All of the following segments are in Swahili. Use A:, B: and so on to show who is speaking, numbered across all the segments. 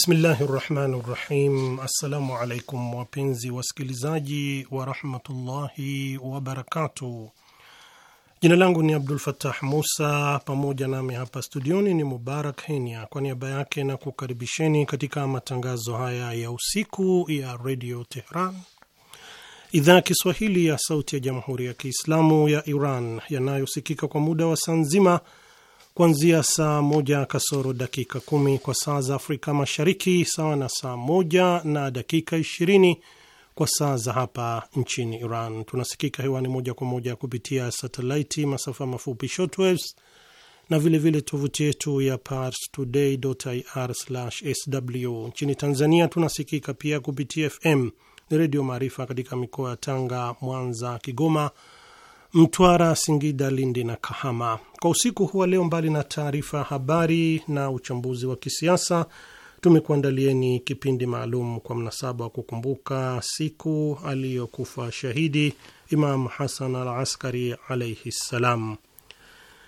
A: Bismillahi rahmani rahim. Assalamu alaikum wapenzi wasikilizaji warahmatullahi wabarakatuh. Jina langu ni Abdul Fatah Musa, pamoja nami hapa studioni ni Mubarak henya kwa niaba yake na kukaribisheni katika matangazo haya ya usiku ya Redio Tehran, idhaa ya Kiswahili ya sauti ya Jamhuri ya Kiislamu ya Iran, yanayosikika kwa muda wa saa nzima kuanzia saa moja kasoro dakika kumi kwa saa za Afrika Mashariki, sawa na saa moja na dakika ishirini kwa saa za hapa nchini Iran. Tunasikika hewani moja kwa moja kupitia satelaiti, masafa mafupi shortwaves na vilevile tovuti yetu ya parstoday.ir/sw. Nchini Tanzania tunasikika pia kupitia FM ni Redio Maarifa katika mikoa ya Tanga, Mwanza, Kigoma, Mtwara, Singida, Lindi na Kahama. Kwa usiku huwa leo, mbali na taarifa ya habari na uchambuzi wa kisiasa, tumekuandalieni kipindi maalum kwa mnasaba wa kukumbuka siku aliyokufa shahidi Imam Hasan al Askari alaihi ssalam.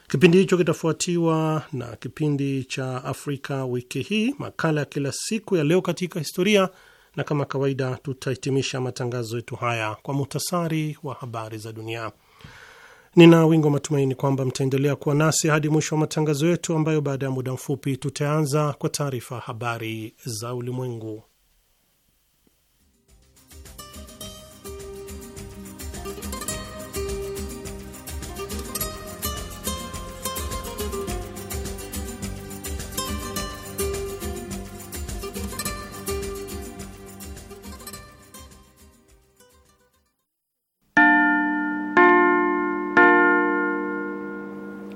A: Kipindi hicho kitafuatiwa na kipindi cha Afrika wiki hii, makala ya kila siku ya leo katika historia, na kama kawaida tutahitimisha matangazo yetu haya kwa muhtasari wa habari za dunia. Nina wingo matumaini kwamba mtaendelea kuwa nasi hadi mwisho wa matangazo yetu, ambayo baada ya muda mfupi tutaanza kwa taarifa habari za ulimwengu.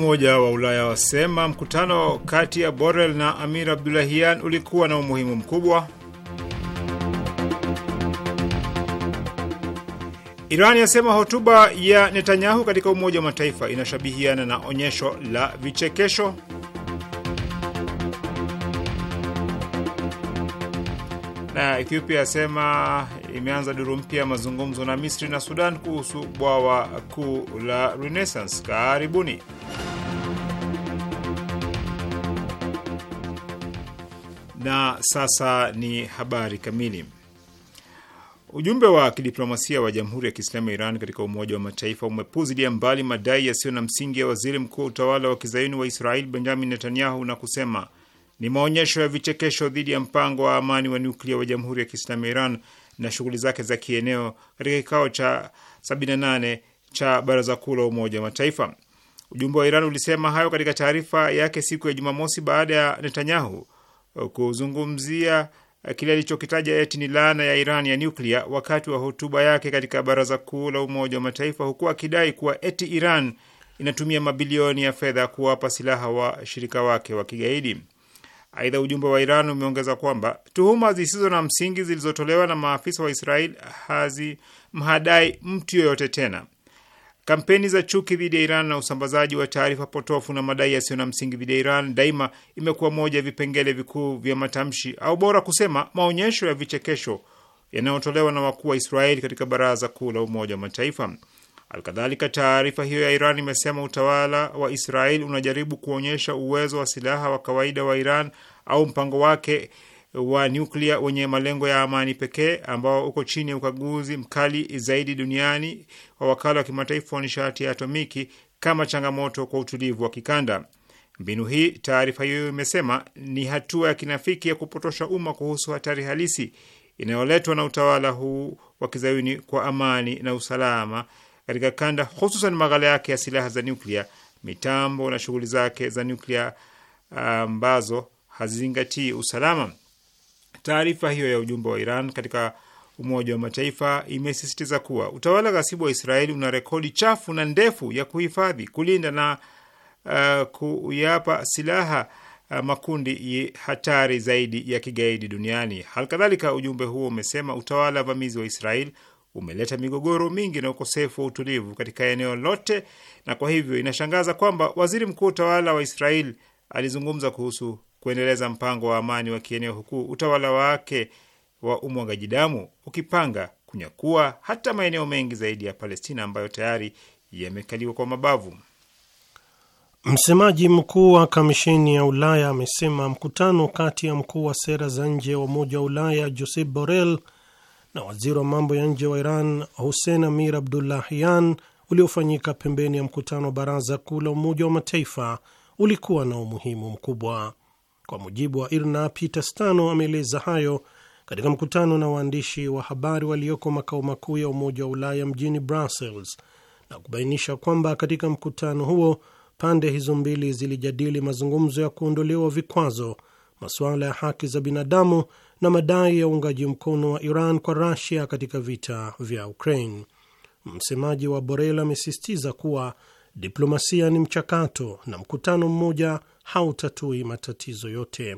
B: Umoja wa Ulaya wasema mkutano kati ya Borrell na Amir Abdulahian ulikuwa na umuhimu mkubwa. Iran yasema hotuba ya Netanyahu katika Umoja wa Mataifa inashabihiana na onyesho la vichekesho. Na Ethiopia yasema imeanza duru mpya ya mazungumzo na Misri na Sudan kuhusu bwawa kuu la Renaissance. Karibuni. Na sasa ni habari kamili. Ujumbe wa kidiplomasia wa Jamhuri ya Kiislamu ya Iran katika Umoja wa Mataifa umepuzilia mbali madai yasiyo na msingi ya waziri mkuu wa utawala wa kizayuni wa israel Benjamin Netanyahu na kusema ni maonyesho ya vichekesho dhidi ya mpango wa amani wa nyuklia wa Jamhuri ya Kiislamu ya Iran na shughuli zake za kieneo katika kikao cha 78 cha Baraza Kuu la Umoja wa Mataifa. Ujumbe wa Iran ulisema hayo katika taarifa yake siku ya Jumamosi baada ya Netanyahu Uh, kuzungumzia uh, kile alichokitaja eti ni laana ya Iran ya nyuklia wakati wa hotuba yake katika Baraza Kuu la Umoja wa Mataifa, huku akidai kuwa eti Iran inatumia mabilioni ya fedha kuwapa silaha washirika wake wa kigaidi. Aidha, ujumbe wa Iran umeongeza kwamba tuhuma zisizo na msingi zilizotolewa na maafisa wa Israel hazimhadai mtu yoyote tena. Kampeni za chuki dhidi ya Iran na usambazaji wa taarifa potofu na madai yasiyo na msingi dhidi ya Iran daima imekuwa moja ya vipengele vikuu vya matamshi au bora kusema maonyesho ya vichekesho yanayotolewa na wakuu wa Israeli katika Baraza Kuu la Umoja wa Mataifa. Alkadhalika, taarifa hiyo ya Iran imesema utawala wa Israeli unajaribu kuonyesha uwezo wa silaha wa kawaida wa Iran au mpango wake wa nyuklia wenye malengo ya amani pekee ambao uko chini ya ukaguzi mkali zaidi duniani wa wakala wa kimataifa wa nishati ya atomiki kama changamoto kwa utulivu wa kikanda. Mbinu hii, taarifa hiyo imesema, ni hatua ya kinafiki ya kupotosha umma kuhusu hatari halisi inayoletwa na utawala huu wa kizayuni kwa amani na usalama katika kanda, hususan maghala yake ya silaha za nyuklia, mitambo na shughuli zake za nyuklia ambazo hazizingatii usalama. Taarifa hiyo ya ujumbe wa Iran katika Umoja wa Mataifa imesisitiza kuwa utawala ghasibu wa Israeli una rekodi chafu na ndefu ya kuhifadhi, kulinda na uh, kuyapa silaha uh, makundi hatari zaidi ya kigaidi duniani. Halikadhalika, ujumbe huo umesema utawala vamizi wa Israeli umeleta migogoro mingi na ukosefu wa utulivu katika eneo lote, na kwa hivyo inashangaza kwamba waziri mkuu wa utawala wa Israeli alizungumza kuhusu kuendeleza mpango wa amani wa kieneo, huku utawala wake wa umwagaji damu ukipanga
A: kunyakua
B: hata maeneo mengi zaidi ya Palestina ambayo tayari yamekaliwa kwa mabavu.
A: Msemaji mkuu wa kamisheni ya Ulaya amesema mkutano kati ya mkuu wa sera za nje wa Umoja wa Ulaya Josep Borrell na waziri wa mambo ya nje wa Iran Hussein Amir Abdullahian uliofanyika pembeni ya mkutano wa Baraza Kuu la Umoja wa Mataifa ulikuwa na umuhimu mkubwa. Kwa mujibu wa IRNA, Peter Stano ameeleza hayo katika mkutano na waandishi wa habari walioko makao makuu ya Umoja wa Ulaya mjini Brussels na kubainisha kwamba katika mkutano huo pande hizo mbili zilijadili mazungumzo ya kuondolewa vikwazo, masuala ya haki za binadamu na madai ya uungaji mkono wa Iran kwa rasia katika vita vya Ukraine. Msemaji wa Borel amesisitiza kuwa diplomasia ni mchakato na mkutano mmoja hautatui matatizo yote.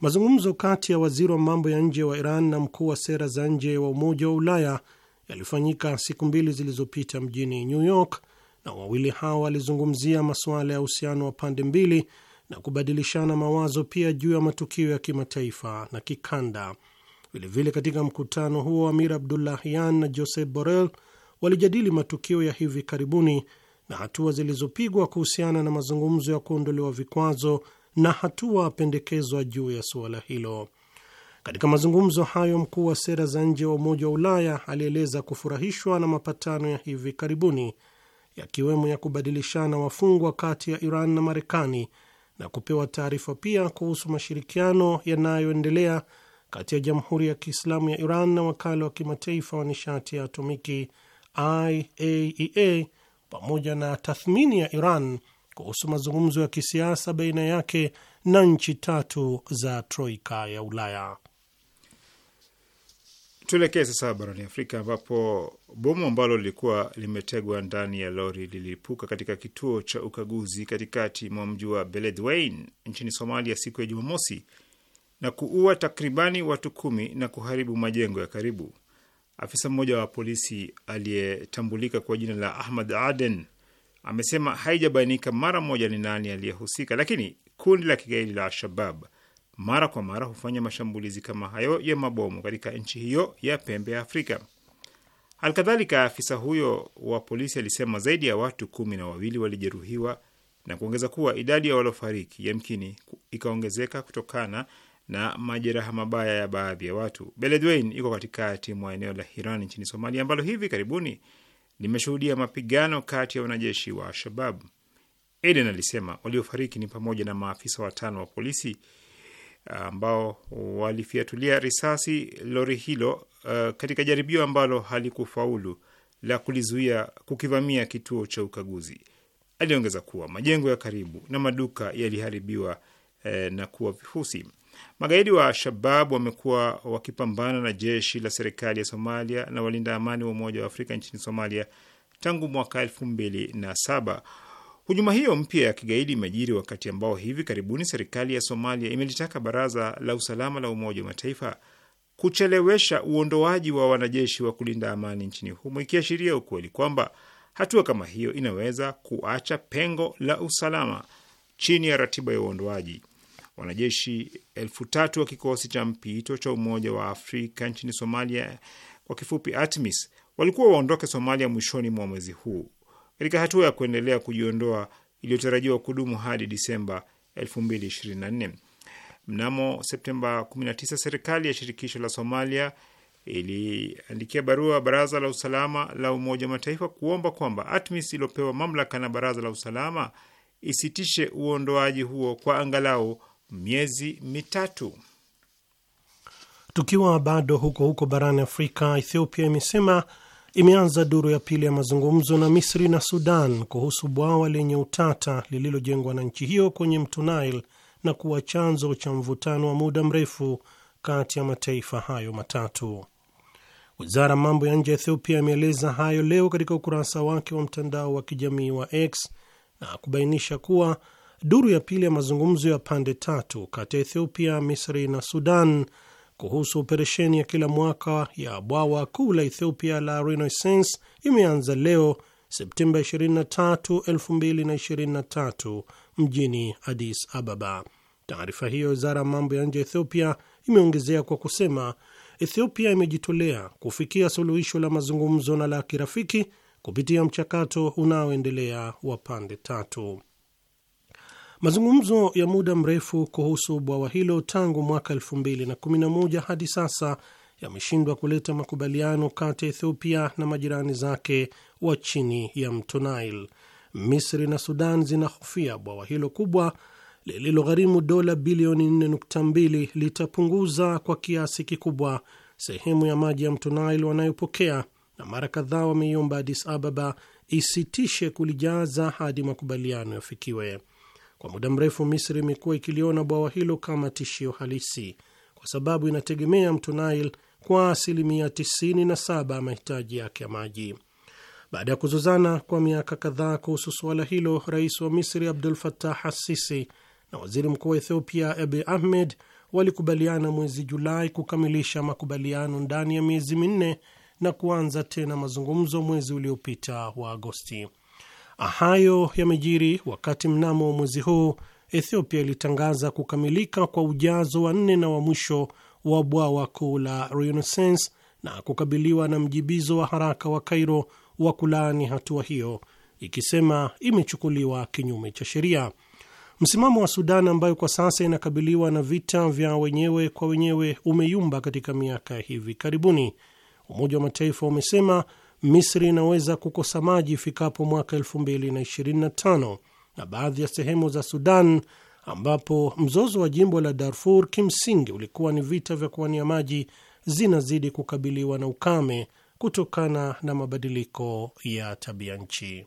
A: Mazungumzo kati ya waziri wa mambo ya nje wa Iran na mkuu wa sera za nje wa Umoja wa Ulaya yalifanyika siku mbili zilizopita mjini New York, na wawili hao walizungumzia masuala ya uhusiano wa pande mbili na kubadilishana mawazo pia juu ya matukio ya kimataifa na kikanda. Vilevile, katika mkutano huo Amir Abdullahian na Josep Borrell walijadili matukio ya hivi karibuni na hatua zilizopigwa kuhusiana na mazungumzo ya kuondolewa vikwazo na hatua pendekezwa juu ya suala hilo. Katika mazungumzo hayo, mkuu wa sera za nje wa Umoja wa Ulaya alieleza kufurahishwa na mapatano ya hivi karibuni yakiwemo ya kubadilishana wafungwa kati ya Iran na Marekani na kupewa taarifa pia kuhusu mashirikiano yanayoendelea kati ya Jamhuri ya Kiislamu ya Iran na Wakala wa Kimataifa wa Nishati ya Atomiki IAEA e pamoja na tathmini ya Iran kuhusu mazungumzo ya kisiasa baina yake na nchi tatu za troika ya Ulaya.
B: Tuelekee sasa barani Afrika ambapo bomu ambalo lilikuwa limetegwa ndani ya lori lilipuka katika kituo cha ukaguzi katikati mwa mji wa Beledweyne nchini Somalia siku ya Jumamosi na kuua takribani watu kumi na kuharibu majengo ya karibu. Afisa mmoja wa polisi aliyetambulika kwa jina la Ahmad Aden amesema haijabainika mara moja ni nani aliyehusika, lakini kundi la kigaidi la Al-Shabab mara kwa mara hufanya mashambulizi kama hayo ya mabomu katika nchi hiyo ya pembe ya Afrika. alkadhalika afisa huyo wa polisi alisema zaidi ya watu kumi na wawili walijeruhiwa na kuongeza kuwa idadi ya waliofariki yamkini ikaongezeka kutokana na majeraha mabaya ya baadhi ya watu. Beledweyne iko katikati mwa eneo la Hiran nchini Somalia ambalo hivi karibuni limeshuhudia mapigano kati ya wanajeshi wa Al-Shabab. Eden alisema waliofariki ni pamoja na maafisa watano wa polisi uh, ambao walifiatulia risasi lori hilo uh, katika jaribio ambalo halikufaulu la kulizuia kukivamia kituo cha ukaguzi. Aliongeza kuwa majengo ya karibu na maduka yaliharibiwa eh, na kuwa vifusi. Magaidi wa shabab wamekuwa wakipambana na jeshi la serikali ya Somalia na walinda amani wa Umoja wa Afrika nchini Somalia tangu mwaka elfu mbili na saba. Hujuma hiyo mpya ya kigaidi imejiri wakati ambao hivi karibuni serikali ya Somalia imelitaka Baraza la Usalama la Umoja wa Mataifa kuchelewesha uondoaji wa wanajeshi wa kulinda amani nchini humo, ikiashiria ukweli kwamba hatua kama hiyo inaweza kuacha pengo la usalama chini ya ratiba ya uondoaji wanajeshi elfu tatu wa kikosi cha mpito cha Umoja wa Afrika nchini Somalia, kwa kifupi ATMIS, walikuwa waondoke Somalia mwishoni mwa mwezi huu katika hatua ya kuendelea kujiondoa iliyotarajiwa kudumu hadi Disemba 2024. Mnamo Septemba 19, serikali ya shirikisho la Somalia iliandikia barua Baraza la Usalama la Umoja wa Mataifa kuomba kwamba ATMIS iliyopewa mamlaka na Baraza la Usalama isitishe uondoaji huo kwa angalau miezi mitatu.
A: Tukiwa bado huko huko barani Afrika, Ethiopia imesema imeanza duru ya pili ya mazungumzo na Misri na Sudan kuhusu bwawa lenye utata lililojengwa na nchi hiyo kwenye mto Nile na kuwa chanzo cha mvutano wa muda mrefu kati ya mataifa hayo matatu. Wizara mambo ya nje ya Ethiopia imeeleza hayo leo katika ukurasa wake wa mtandao wa kijamii wa X na kubainisha kuwa duru ya pili ya mazungumzo ya pande tatu kati ya Ethiopia, Misri na Sudan kuhusu operesheni ya kila mwaka ya bwawa kuu la Ethiopia la Renaissance imeanza leo Septemba 23, 2023 mjini Addis Ababa. Taarifa hiyo wizara ya mambo ya nje ya Ethiopia imeongezea kwa kusema Ethiopia imejitolea kufikia suluhisho la mazungumzo na la kirafiki kupitia mchakato unaoendelea wa pande tatu. Mazungumzo ya muda mrefu kuhusu bwawa hilo tangu mwaka 2011 hadi sasa yameshindwa kuleta makubaliano kati ya Ethiopia na majirani zake wa chini ya mto Nile. Misri na Sudan zinahofia bwawa hilo kubwa lililogharimu dola bilioni 4.2 litapunguza kwa kiasi kikubwa sehemu ya maji ya mto Nile wanayopokea, na mara kadhaa wameiomba Addis Ababa isitishe kulijaza hadi makubaliano yafikiwe. Kwa muda mrefu, Misri imekuwa ikiliona bwawa hilo kama tishio halisi, kwa sababu inategemea mto Nile kwa asilimia 97 ya mahitaji yake ya maji. Baada ya kuzozana kwa miaka kadhaa kuhusu suala hilo, rais wa Misri Abdul fatah Assisi na waziri mkuu wa Ethiopia Abiy Ahmed walikubaliana mwezi Julai kukamilisha makubaliano ndani ya miezi minne na kuanza tena mazungumzo mwezi uliopita wa Agosti. Hayo yamejiri wakati mnamo mwezi huu Ethiopia ilitangaza kukamilika kwa ujazo wa nne na wa mwisho wa bwawa kuu la Renaissance na kukabiliwa na mjibizo wa haraka wa Kairo wa kulaani hatua hiyo, ikisema imechukuliwa kinyume cha sheria. Msimamo wa Sudan ambayo kwa sasa inakabiliwa na vita vya wenyewe kwa wenyewe umeyumba katika miaka hivi karibuni. Umoja wa Mataifa umesema Misri inaweza kukosa maji ifikapo mwaka 2025 na baadhi ya sehemu za Sudan ambapo mzozo wa jimbo la Darfur kimsingi ulikuwa ni vita vya kuwania maji zinazidi kukabiliwa na ukame kutokana na mabadiliko ya tabia nchi.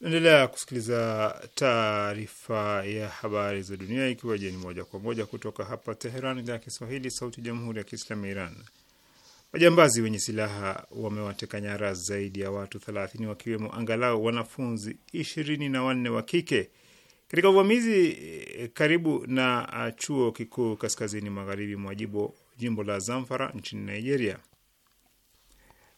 B: Naendelea kusikiliza taarifa ya habari za dunia, ikiwa jeni moja kwa moja kutoka hapa Teheran, idhaa ya Kiswahili, sauti ya jamhuri ya kiislamu ya Iran. Wajambazi wenye silaha wamewateka nyara zaidi ya watu thelathini wakiwemo angalau wanafunzi ishirini na wanne wa kike katika uvamizi eh, karibu na eh, chuo kikuu kaskazini magharibi mwa jimbo la Zamfara nchini Nigeria.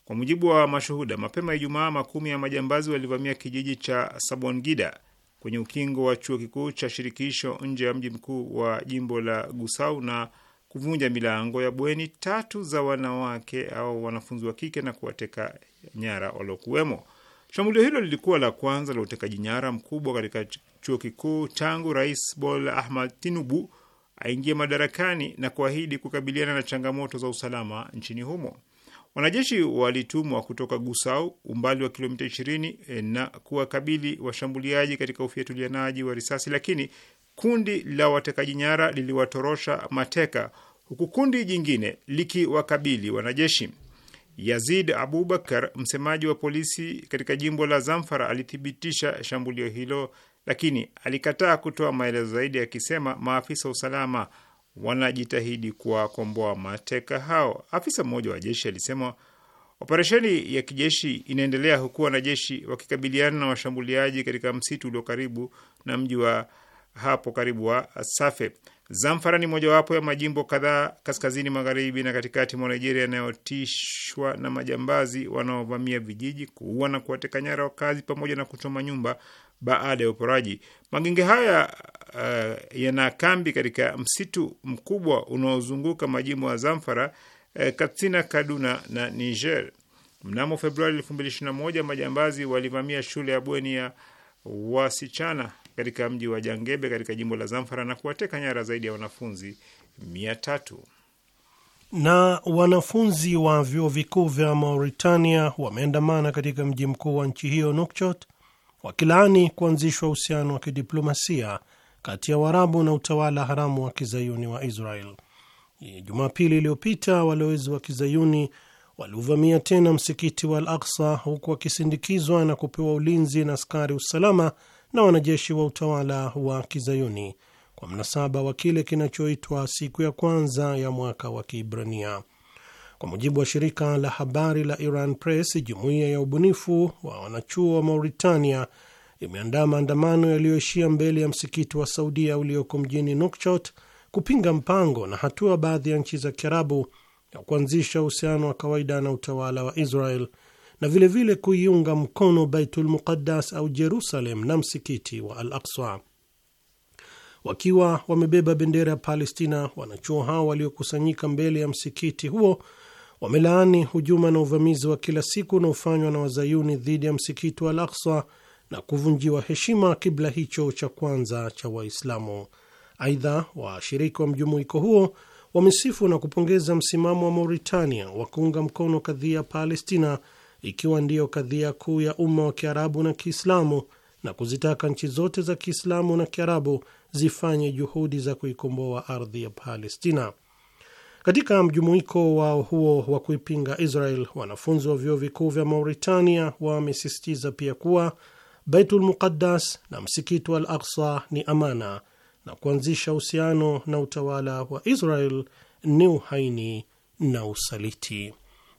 B: Kwa mujibu wa mashuhuda, mapema Ijumaa, makumi ya majambazi walivamia kijiji cha Sabongida kwenye ukingo wa chuo kikuu cha shirikisho nje ya mji mkuu wa jimbo la Gusau na kuvunja milango ya bweni tatu za wanawake au wanafunzi wa kike na kuwateka nyara waliokuwemo. Shambulio hilo lilikuwa la kwanza la utekaji nyara mkubwa katika chuo kikuu tangu Rais Bola Ahmad Tinubu aingie madarakani na kuahidi kukabiliana na changamoto za usalama nchini humo. Wanajeshi walitumwa kutoka Gusau, umbali wa kilomita 20 eh, na kuwakabili washambuliaji katika ufiatulianaji wa risasi, lakini kundi la watekaji nyara liliwatorosha mateka, huku kundi jingine likiwakabili wanajeshi. Yazid Abubakar, msemaji wa polisi katika jimbo la Zamfara, alithibitisha shambulio hilo, lakini alikataa kutoa maelezo zaidi, akisema maafisa wa usalama wanajitahidi kuwakomboa mateka hao. Afisa mmoja wa jeshi alisema operesheni ya kijeshi inaendelea huku wanajeshi wakikabiliana na washambuliaji katika msitu ulio karibu na mji wa hapo karibu wa Safe. Zamfara ni mojawapo ya majimbo kadhaa kaskazini magharibi na katikati mwa Nigeria yanayotishwa na majambazi wanaovamia vijiji, kuua na kuwateka nyara wakazi, pamoja na kuchoma nyumba baada ya uporaji. Magenge haya uh, yana kambi katika msitu mkubwa unaozunguka majimbo ya Zamfara, uh, Katsina, Kaduna na Niger. Mnamo Februari 2021 majambazi walivamia shule ya bweni ya wasichana katika mji wa Jangebe katika jimbo la Zamfara na kuwateka nyara zaidi ya wanafunzi mia tatu.
A: Na wanafunzi wa vyuo vikuu vya Mauritania wameandamana katika mji mkuu wa nchi hiyo Nouakchott wakilaani kuanzishwa uhusiano wa kidiplomasia kati ya Waarabu na utawala haramu wa kizayuni wa Israel. Jumapili iliyopita walowezi wa kizayuni waliuvamia tena msikiti wa Al Aksa huku wakisindikizwa na kupewa ulinzi na askari usalama na wanajeshi wa utawala wa kizayuni kwa mnasaba wa kile kinachoitwa siku ya kwanza ya mwaka wa Kiibrania. Kwa mujibu wa shirika la habari la Iran Press, jumuiya ya ubunifu wa wanachuo wa Mauritania imeandaa maandamano yaliyoishia mbele ya msikiti wa Saudia ulioko mjini Nouakchott kupinga mpango na hatua baadhi ya nchi za Kiarabu ya kuanzisha uhusiano wa kawaida na utawala wa Israel na vilevile kuiunga mkono Baitul Muqaddas au Jerusalem na msikiti wa Al Aqsa. Wakiwa wamebeba bendera ya Palestina, wanachuo hao waliokusanyika mbele ya msikiti huo wamelaani hujuma na uvamizi wa kila siku unaofanywa na wazayuni dhidi ya msikiti wa Al-Aqsa na kuvunjiwa heshima kibla hicho cha kwanza cha Waislamu. Aidha, washiriki wa mjumuiko huo wamesifu na kupongeza msimamo wa Mauritania wa kuunga mkono kadhia ya Palestina ikiwa ndiyo kadhia kuu ya umma wa Kiarabu na Kiislamu na kuzitaka nchi zote za Kiislamu na Kiarabu zifanye juhudi za kuikomboa ardhi ya Palestina. Katika mjumuiko wao huo wa kuipinga Israel, wanafunzi wa vyuo vikuu vya Mauritania wamesisitiza pia kuwa Baitul Muqaddas na msikiti wa Al Aksa ni amana na kuanzisha uhusiano na utawala wa Israel ni uhaini na usaliti.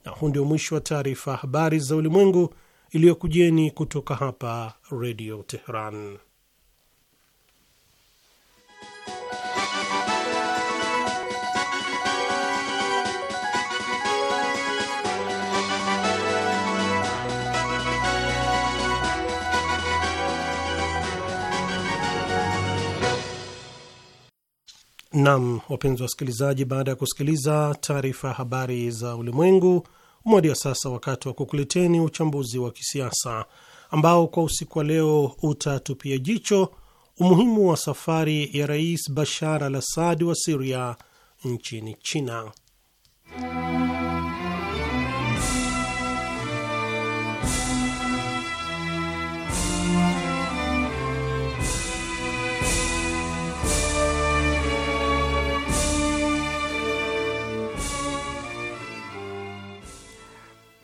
A: Na huu ndio mwisho wa taarifa habari za ulimwengu iliyokujeni kutoka hapa Redio Teheran. Nam, wapenzi wasikilizaji, baada ya kusikiliza taarifa ya habari za ulimwengu, umewadia sasa wakati wa kukuleteni uchambuzi wa kisiasa ambao kwa usiku wa leo utatupia jicho umuhimu wa safari ya Rais Bashar al Assad wa Siria nchini China.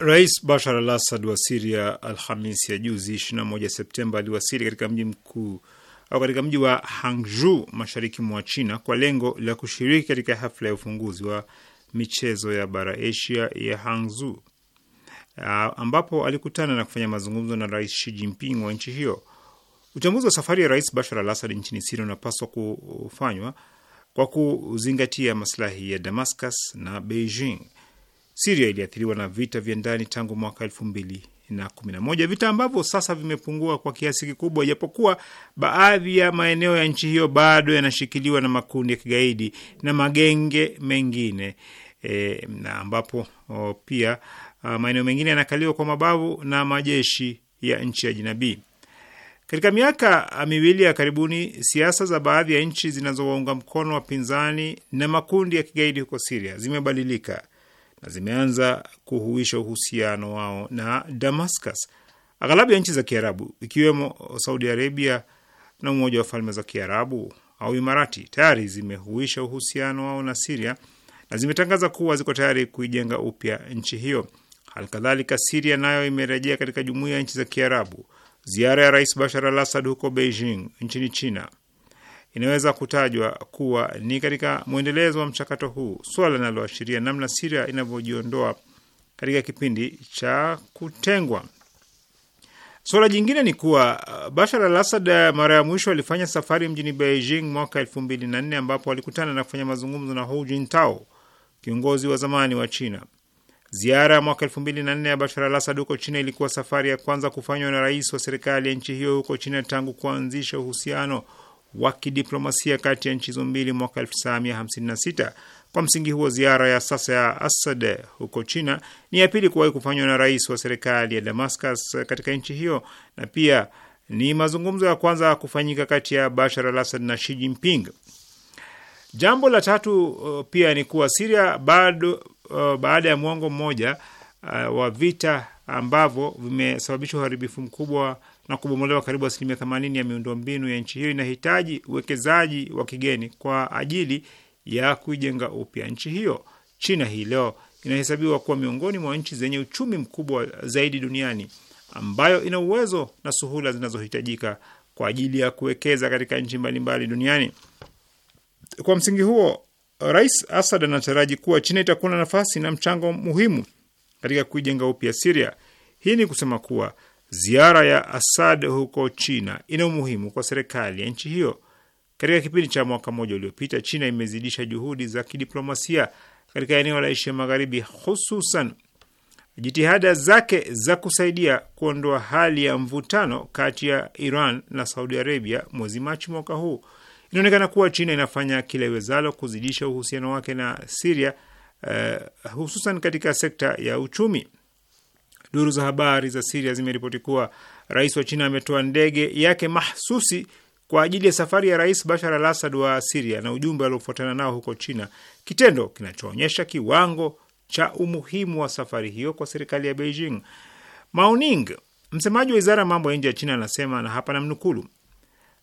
B: Rais Bashar al Assad wa Siria Alhamisi ya juzi 21 Septemba aliwasili katika mji mkuu au katika mji wa Hangzhou mashariki mwa China kwa lengo la kushiriki katika hafla ya ufunguzi wa michezo ya bara Asia ya Hangzhou ambapo alikutana na kufanya mazungumzo na Rais Xi Jinping wa nchi hiyo. Uchambuzi wa safari ya Rais Bashar al Assad nchini Siria unapaswa kufanywa kwa kuzingatia maslahi ya Damascus na Beijing. Siria iliathiriwa na vita vya ndani tangu mwaka elfu mbili na kumi na moja, vita ambavyo sasa vimepungua kwa kiasi kikubwa, ijapokuwa baadhi ya maeneo ya nchi hiyo bado yanashikiliwa na makundi ya kigaidi na magenge mengine e, na ambapo o, pia maeneo mengine yanakaliwa kwa mabavu na majeshi ya nchi ya jinabii. Katika miaka miwili ya karibuni, siasa za baadhi ya nchi zinazowaunga mkono wapinzani na makundi ya kigaidi huko Siria zimebadilika zimeanza kuhuisha uhusiano wao na Damascus. Aghalabu ya nchi za Kiarabu ikiwemo Saudi Arabia na Umoja wa Falme za Kiarabu au Imarati tayari zimehuisha uhusiano wao na Siria na zimetangaza kuwa ziko tayari kuijenga upya nchi hiyo. Halikadhalika, Siria nayo imerejea katika jumuiya ya nchi za Kiarabu. Ziara ya Rais Bashar al Assad huko Beijing nchini China inaweza kutajwa kuwa ni katika mwendelezo wa mchakato huu, swala linaloashiria namna Siria inavyojiondoa katika kipindi cha kutengwa. Suala jingine ni kuwa uh, Bashar al Asad uh, mara ya mwisho alifanya safari mjini Beijing mwaka elfu mbili na nne ambapo alikutana na kufanya mazungumzo na Hu Jintao, kiongozi wa zamani wa China. Ziara ya mwaka elfu mbili na nne ya Bashar al Asad huko China ilikuwa safari ya kwanza kufanywa na rais wa serikali ya nchi hiyo huko China tangu kuanzisha uhusiano wa kidiplomasia kati ya nchi hizo mbili mwaka 1956. Kwa msingi huo, ziara ya sasa ya Assad huko China ni ya pili kuwahi kufanywa na rais wa serikali ya Damascus katika nchi hiyo na pia ni mazungumzo ya kwanza kufanyika kati ya Bashar al Assad na Xi Jinping. Jambo la tatu uh, pia ni kuwa Siria bado uh, baada ya mwongo mmoja uh, wa vita ambavyo vimesababisha uharibifu mkubwa na kubomolewa karibu asilimia 80 ya miundombinu ya nchi hiyo inahitaji uwekezaji wa kigeni kwa ajili ya kuijenga upya nchi hiyo. China hii leo inahesabiwa kuwa miongoni mwa nchi zenye uchumi mkubwa zaidi duniani ambayo ina uwezo na suhula zinazohitajika kwa ajili ya kuwekeza katika nchi mbalimbali duniani. Kwa msingi huo, Rais Asad anataraji kuwa China itakuwa na nafasi na mchango muhimu katika kuijenga upya Siria. Hii ni kusema kuwa ziara ya assad huko China ina umuhimu kwa serikali ya nchi hiyo. Katika kipindi cha mwaka mmoja uliopita, China imezidisha juhudi za kidiplomasia katika eneo la Asia Magharibi, hususan jitihada zake za kusaidia kuondoa hali ya mvutano kati ya Iran na Saudi Arabia. Mwezi Machi mwaka huu, inaonekana kuwa China inafanya kila iwezalo kuzidisha uhusiano wake na Siria, uh, eh, hususan katika sekta ya uchumi. Duru za habari za Siria zimeripoti kuwa rais wa China ametoa ndege yake mahsusi kwa ajili ya safari ya rais Bashar al Assad wa Siria na ujumbe aliofuatana nao huko China, kitendo kinachoonyesha kiwango cha umuhimu wa safari hiyo kwa serikali ya Beijing. Maoning, msemaji wa wizara ya mambo ya nje ya China, anasema na hapa namnukulu,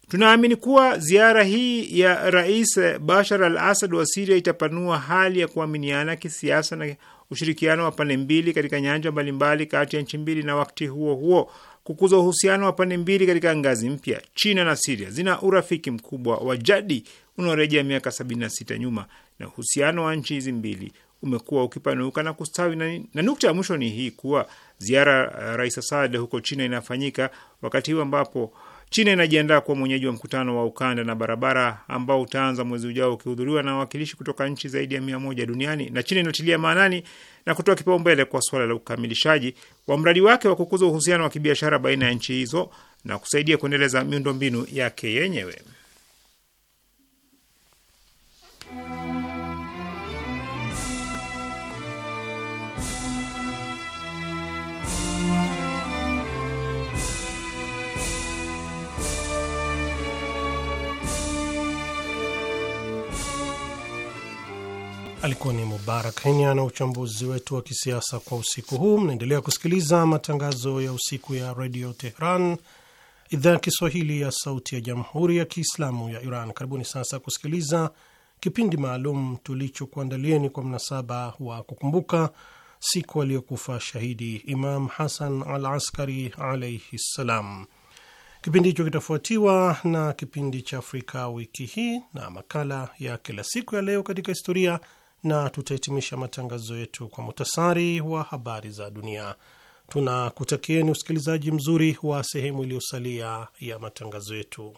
B: tunaamini kuwa ziara hii ya rais Bashar al Assad wa Siria itapanua hali ya kuaminiana kisiasa na ushirikiano wa pande mbili katika nyanja mbalimbali kati ya nchi mbili, na wakati huo huo kukuza uhusiano wa pande mbili katika ngazi mpya. China na Siria zina urafiki mkubwa wa jadi unaorejea miaka 76 nyuma, na uhusiano wa nchi hizi mbili umekuwa ukipanuka na kustawi na, na nukta ya mwisho ni hii kuwa ziara ya uh, Rais Assad huko China inafanyika wakati huu ambapo China inajiandaa kuwa mwenyeji wa mkutano wa ukanda na barabara ambao utaanza mwezi ujao ukihudhuriwa na wawakilishi kutoka nchi zaidi ya mia moja duniani, na China inatilia maanani na kutoa kipaumbele kwa suala la ukamilishaji wa mradi wake wa kukuza uhusiano wa kibiashara baina ya nchi hizo na kusaidia kuendeleza miundombinu yake yenyewe.
A: alikuwa ni Mubarak Henya na uchambuzi wetu wa kisiasa kwa usiku huu. Mnaendelea kusikiliza matangazo ya usiku ya redio Tehran, idhaa ya Kiswahili ya sauti ya jamhuri ya kiislamu ya Iran. Karibuni sasa kusikiliza kipindi maalum tulichokuandalieni kwa mnasaba wa kukumbuka siku aliyokufa shahidi Imam Hasan al Askari alaihi ssalam. Kipindi hicho kitafuatiwa na kipindi cha Afrika wiki hii na makala ya kila siku ya leo katika historia na tutahitimisha matangazo yetu kwa muhtasari wa habari za dunia. Tunakutakieni usikilizaji mzuri wa sehemu iliyosalia ya matangazo yetu.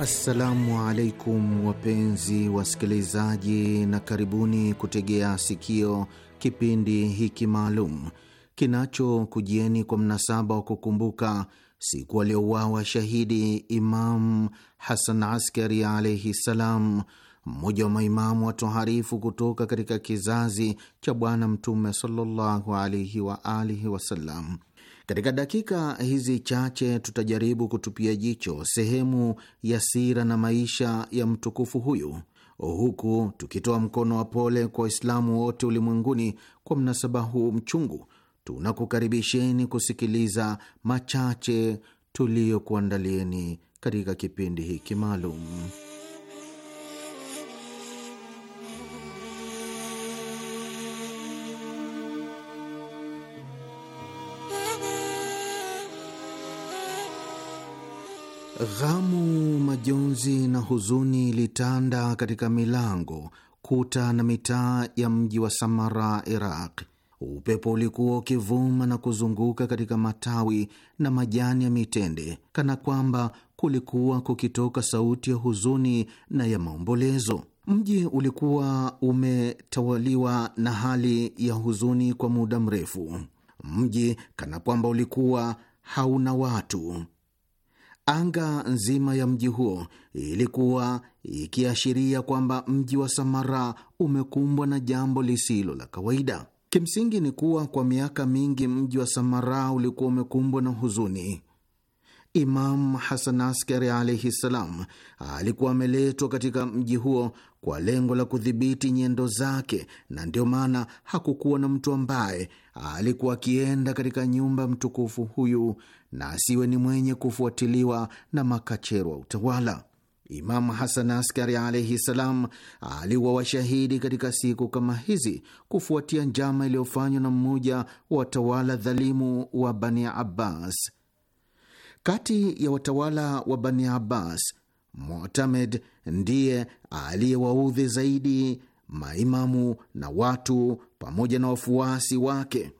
C: Assalamu alaikum wapenzi wasikilizaji, na karibuni kutegea sikio kipindi hiki maalum kinachokujieni kwa mnasaba wa kukumbuka siku aliyouawa shahidi Imam Hasan Askari alaihi ssalam, mmoja wa maimamu watoharifu kutoka katika kizazi cha Bwana Mtume sallallahu alaihi wa alihi wasallam. Katika dakika hizi chache tutajaribu kutupia jicho sehemu ya sira na maisha ya mtukufu huyu huku tukitoa mkono wa pole kwa Waislamu wote ulimwenguni kwa mnasaba huu mchungu. Tunakukaribisheni kusikiliza machache tuliyokuandalieni katika kipindi hiki maalum. Ghamu, majonzi na huzuni ilitanda katika milango, kuta na mitaa ya mji wa Samara, Iraq. Upepo ulikuwa ukivuma na kuzunguka katika matawi na majani ya mitende, kana kwamba kulikuwa kukitoka sauti ya huzuni na ya maombolezo. Mji ulikuwa umetawaliwa na hali ya huzuni kwa muda mrefu. Mji kana kwamba ulikuwa hauna watu. Anga nzima ya mji huo ilikuwa ikiashiria kwamba mji wa Samara umekumbwa na jambo lisilo la kawaida. Kimsingi ni kuwa kwa miaka mingi mji wa Samara ulikuwa umekumbwa na huzuni. Imam Hasan Askari alaihi ssalam alikuwa ameletwa katika mji huo kwa lengo la kudhibiti nyendo zake, na ndio maana hakukuwa na mtu ambaye alikuwa akienda katika nyumba mtukufu huyu na asiwe ni mwenye kufuatiliwa na makachero wa utawala. Imamu Hasan Askari alaihi salam aliwa washahidi katika siku kama hizi kufuatia njama iliyofanywa na mmoja wa watawala dhalimu wa Bani Abbas. Kati ya watawala wa Bani Abbas, Mutamed ndiye aliyewaudhi zaidi maimamu na watu pamoja na wafuasi wake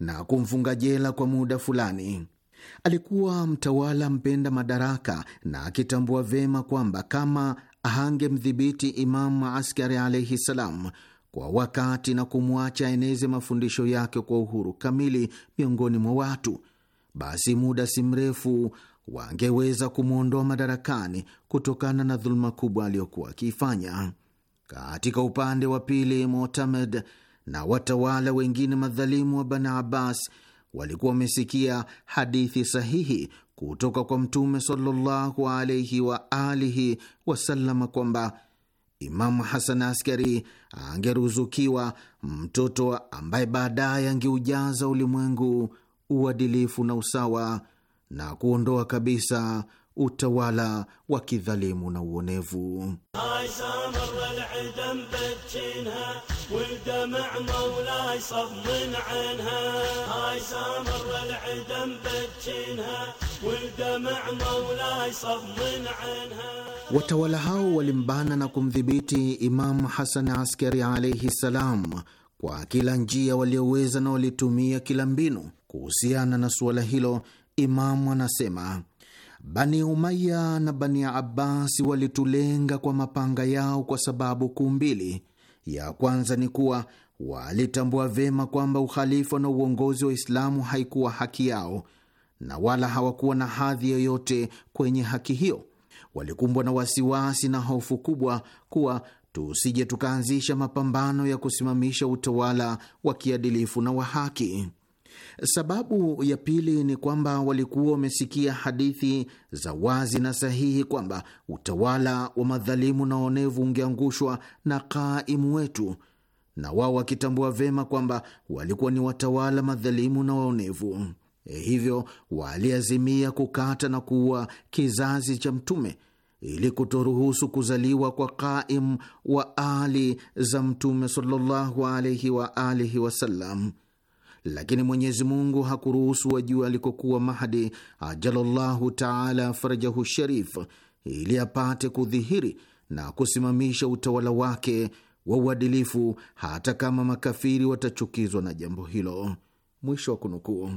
C: na kumfunga jela kwa muda fulani. Alikuwa mtawala mpenda madaraka na akitambua vyema kwamba kama hangemdhibiti Imamu Askari alaihi salam kwa wakati na kumwacha aeneze mafundisho yake kwa uhuru kamili miongoni mwa watu, basi muda si mrefu wangeweza kumwondoa madarakani kutokana na dhuluma kubwa aliyokuwa akiifanya. Katika upande wa pili, Motamed na watawala wengine madhalimu wa Bani Abbas walikuwa wamesikia hadithi sahihi kutoka kwa Mtume sallallahu alaihi wa alihi kwamba Imamu Hasan Askari angeruzukiwa mtoto ambaye baadaye angeujaza ulimwengu uadilifu na usawa na kuondoa kabisa utawala wa kidhalimu na uonevu. Watawala hao walimbana na kumdhibiti Imamu Hasan Askari alaihi ssalam kwa kila njia walioweza na walitumia kila mbinu. Kuhusiana na suala hilo, Imamu anasema Bani Umaya na Bani Abbasi walitulenga kwa mapanga yao kwa sababu kuu mbili. Ya kwanza ni kuwa walitambua vema kwamba ukhalifa na uongozi wa Islamu haikuwa haki yao na wala hawakuwa na hadhi yoyote kwenye haki hiyo. Walikumbwa na wasiwasi na hofu kubwa kuwa tusije tukaanzisha mapambano ya kusimamisha utawala wa kiadilifu na wa haki. Sababu ya pili ni kwamba walikuwa wamesikia hadithi za wazi na sahihi kwamba utawala wa madhalimu na onevu ungeangushwa na kaimu wetu, na wao wakitambua vyema kwamba walikuwa ni watawala madhalimu na waonevu. E, hivyo waliazimia kukata na kuua kizazi cha Mtume ili kutoruhusu kuzaliwa kwa Qaim wa ali za Mtume sallallahu alaihi wa alihi wasallam lakini Mwenyezi Mungu hakuruhusu wajua alikokuwa Mahdi ajalallahu taala farajahu sharif, ili apate kudhihiri na kusimamisha utawala wake wa uadilifu, hata kama makafiri watachukizwa na jambo hilo. Mwisho wa kunukuu.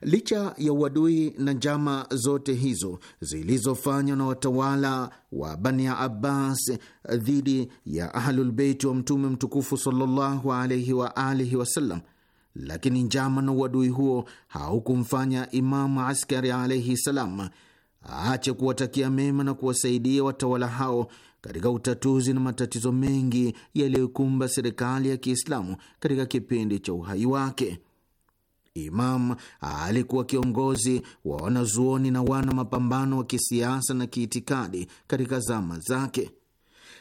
C: Licha ya uadui na njama zote hizo zilizofanywa na watawala wa Bani Abbas dhidi ya Ahlulbeiti wa Mtume mtukufu sallallahu alaihi wa alihi wasallam lakini njama na uadui huo haukumfanya Imamu Askari alaihi salam aache kuwatakia mema na kuwasaidia watawala hao katika utatuzi na matatizo mengi yaliyokumba serikali ya Kiislamu katika kipindi cha uhai wake. Imam alikuwa kiongozi wa wanazuoni na wana mapambano wa kisiasa na kiitikadi katika zama zake.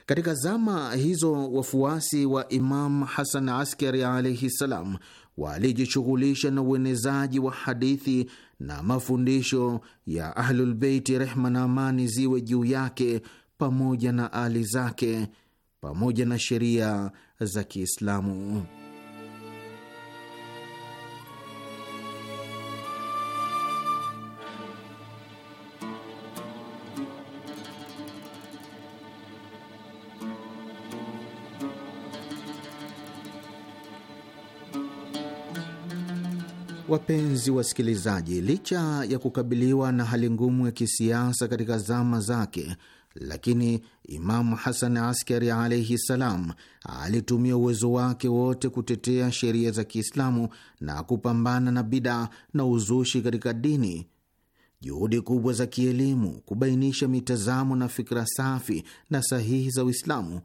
C: Katika zama hizo wafuasi wa Imam Hasan Askari alaihi salam walijishughulisha na uenezaji wa hadithi na mafundisho ya Ahlulbeiti, rehma na amani ziwe juu yake pamoja na ali zake, pamoja na sheria za Kiislamu. Wapenzi wasikilizaji, licha ya kukabiliwa na hali ngumu ya kisiasa katika zama zake, lakini Imamu Hasan Askari alaihi salam alitumia uwezo wake wote kutetea sheria za Kiislamu na kupambana na bidaa na uzushi katika dini. Juhudi kubwa za kielimu, kubainisha mitazamo na fikra safi na sahihi za Uislamu